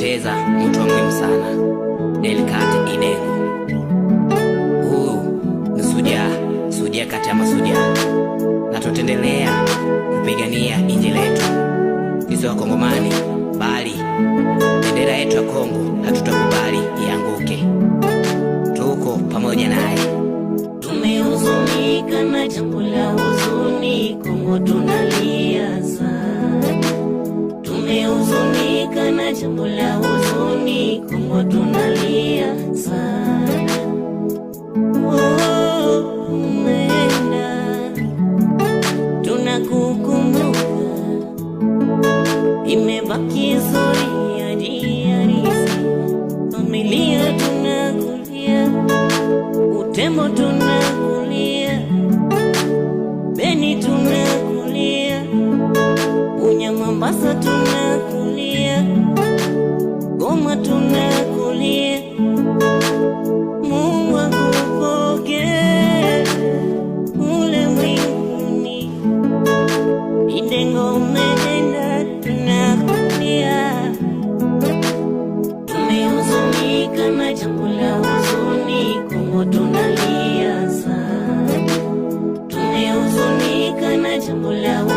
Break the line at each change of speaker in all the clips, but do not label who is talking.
kupoteza mtu muhimu sana, Delcat Idego. Huyu ni suja kati ya masuja na tutaendelea kupigania inji letu sisi Wakongomani, bali bendera yetu ya Kongo hatutakubali ianguke. Tuko pamoja naye.
Tumehuzunika na jambo la huzuni, Kongo tunalia jambo la huzuni, Kongo tunalia sana. Oh, tunakukumbuka, imebaki historia DRC. Familia tunakulia, Butembo tunakulia, Beni tunakulia, Bunya Mombasa tunakulia Uma tunakulia, Mungu akupokee ule winguni, Idengo umeenda, tunakulia, tumehuzunika na jambo la huzuni, Kongo tunalia sana, tumehuzunika na jambo la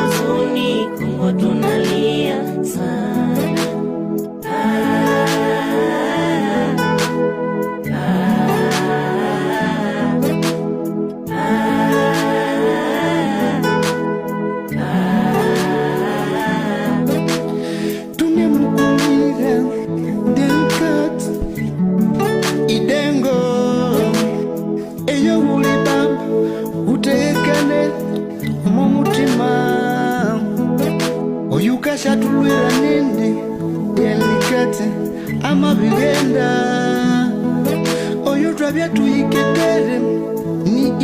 bien nini yenikete ama bigenda Oyo twabya ni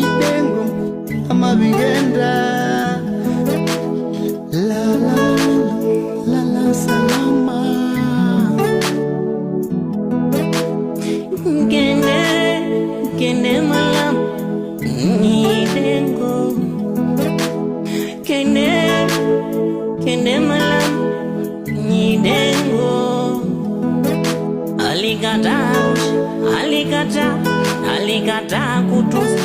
idengo ama bigenda La la la la salama
alikataa, alikata alikataa kutuza,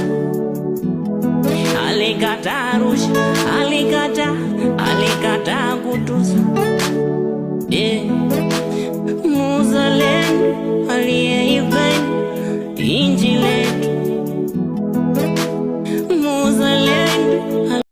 alikataa rushwa, alikataa, alikataa kutuza